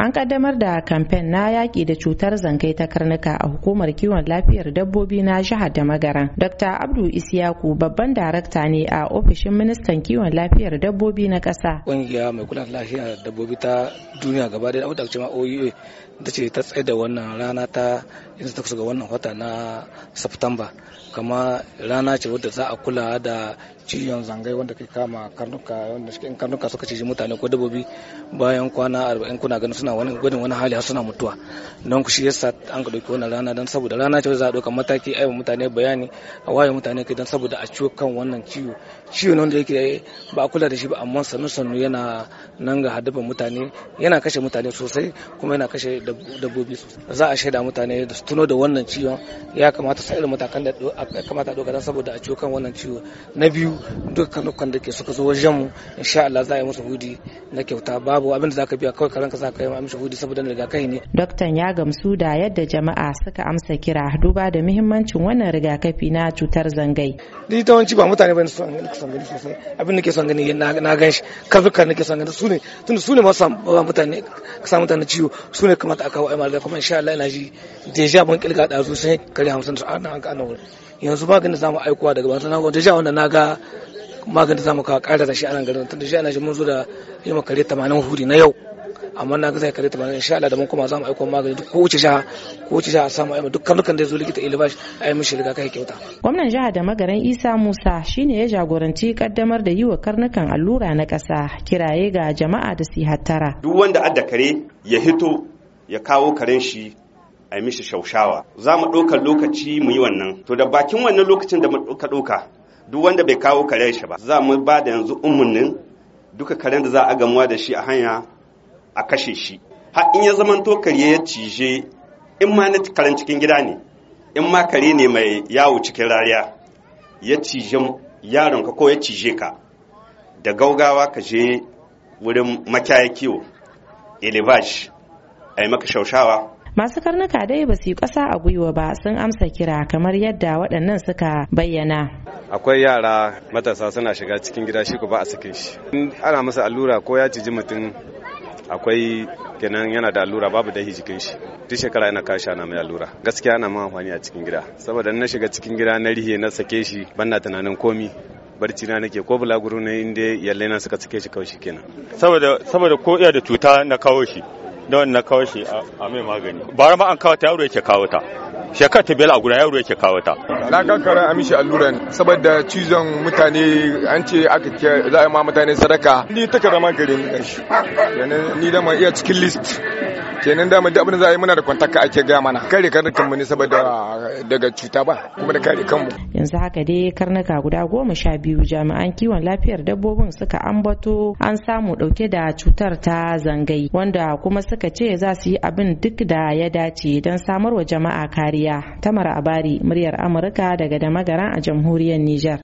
an kaddamar da kamfen na yaƙi da cutar zangai ta karnuka a hukumar kiwon lafiyar dabbobi na jihar da magaran dr abdu isiyaku babban darakta ne a ofishin ministan kiwon lafiyar dabbobi na ƙasa ƙungiya mai kula da lafiyar dabbobi ta duniya gaba da wadda ma oua e da ce ta tsaye da wannan rana ta yanzu ta kusa ga wannan wata na september kama rana ce wadda za a kula da ciwon zangai wanda ke kama karnuka wanda in karnuka suka ciji mutane ko dabbobi bayan kwana 40 kuna ganin suna suna wani gudun wani hali har suna mutuwa don ku shi yasa an ka dauki wannan rana don saboda rana ce za a dauka mataki aiwa mutane bayani a waye mutane kai don saboda a ciwo kan wannan ciwo ciwo ne wanda yake ba a kula da shi ba amma sannu sannu yana nan ga hadaban mutane yana kashe mutane sosai kuma yana kashe dabbobi sosai za a shaida mutane da su tuno da wannan ciwon ya kamata sa irin matakan da ya kamata a dauka don saboda a ciwo kan wannan ciwo na biyu dukkan da ke suka zo wajen mu insha Allah za a yi musu hudi na kyauta babu abin da za ka biya kawai karanka za ka yi a mishi hudu saboda rigakafi ne doktan ya gamsu da yadda jama'a suka amsa kira duba da muhimmancin wannan rigakafi na cutar zangai ita wanci ba mutane ba son gani sosai abin da ke son gani na gan shi kazuka nake son gani su ne tun su ne masu mutane ka sa mutane ciwo su ne kamata aka wa'ai malaka kuma insha Allah ina ji deja ban kilga da su sai kare 50 su ana an kana wuri yanzu ba ganin zamu aikowa daga ban sanan deja wanda na ga maganin zamu kawo ƙara da shi a nan garin tun deja ina shi mun zo da yi makare 80 huri na yau amma na gaza kare tamanin insha Allah da mun kuma za mu aiko magani duk kowace jiha kowace jiha samu aima duk karnukan da ya zo likita ilibash a yi mishi rigakafi kyauta gwamnan jiha da magaran Isa Musa shine ya jagoranci kaddamar da yi wa karnukan allura na ƙasa kiraye ga jama'a da su hattara duk wanda adda kare ya hito ya kawo karen shi a yi mishi shaushawa za mu ɗaukar lokaci mu yi wannan to da bakin wannan lokacin da mu ɗauka ɗauka duk wanda bai kawo karen shi ba za mu ba da yanzu umarnin duka karen da za a gamuwa da shi a hanya a kashe shi har in ya zamanto kare ya cije in ma na karen cikin gida ne in ma kare ne mai yawo cikin rariya ya cije yaron ka ko ya cije ka da gaugawa ka je wurin makiyaya kiwo elevage a yi maka shaushawa masu karnuka dai ba su yi ƙasa a gwiwa ba sun amsa kira kamar yadda waɗannan suka bayyana akwai yara matasa suna shiga cikin gida shi ku ba a sakin shi ana masa allura ko ya ciji mutum akwai kenan yana da allura babu dahi jikin shi duk shekara yana kashi ana mai allura gaskiya ana ma amfani a cikin gida saboda na shiga cikin gida na rihe na sake shi banna tunanin komi barci na nake ko bulaguro ne inda yalle na suka sake shi kawai shi kenan saboda saboda ko iya da cuta na kawo shi don na kawo shi a mai magani bara ma an kawo ta yaro yake kawo ta shekara ta biyar a guda yaro yake kawo ta na kankara a mishi alluran saboda cizon mutane an ce aka za a yi ma mutane sadaka ni ta karaman gari ni da ma iya cikin list kenan da mun abin da za a yi muna da kwantaka ake ga mana kare karnukan mu ne saboda daga cuta ba kuma da kare kanmu yanzu haka dai karnuka guda goma sha biyu jami'an kiwon lafiyar dabbobin suka ambato an samu dauke da cutar ta zangai wanda kuma suka ce za su yi abin duk da ya dace don samar wa jama'a kariya tamar abari muryar amurka daga damagaran a jamhuriyar Nijar.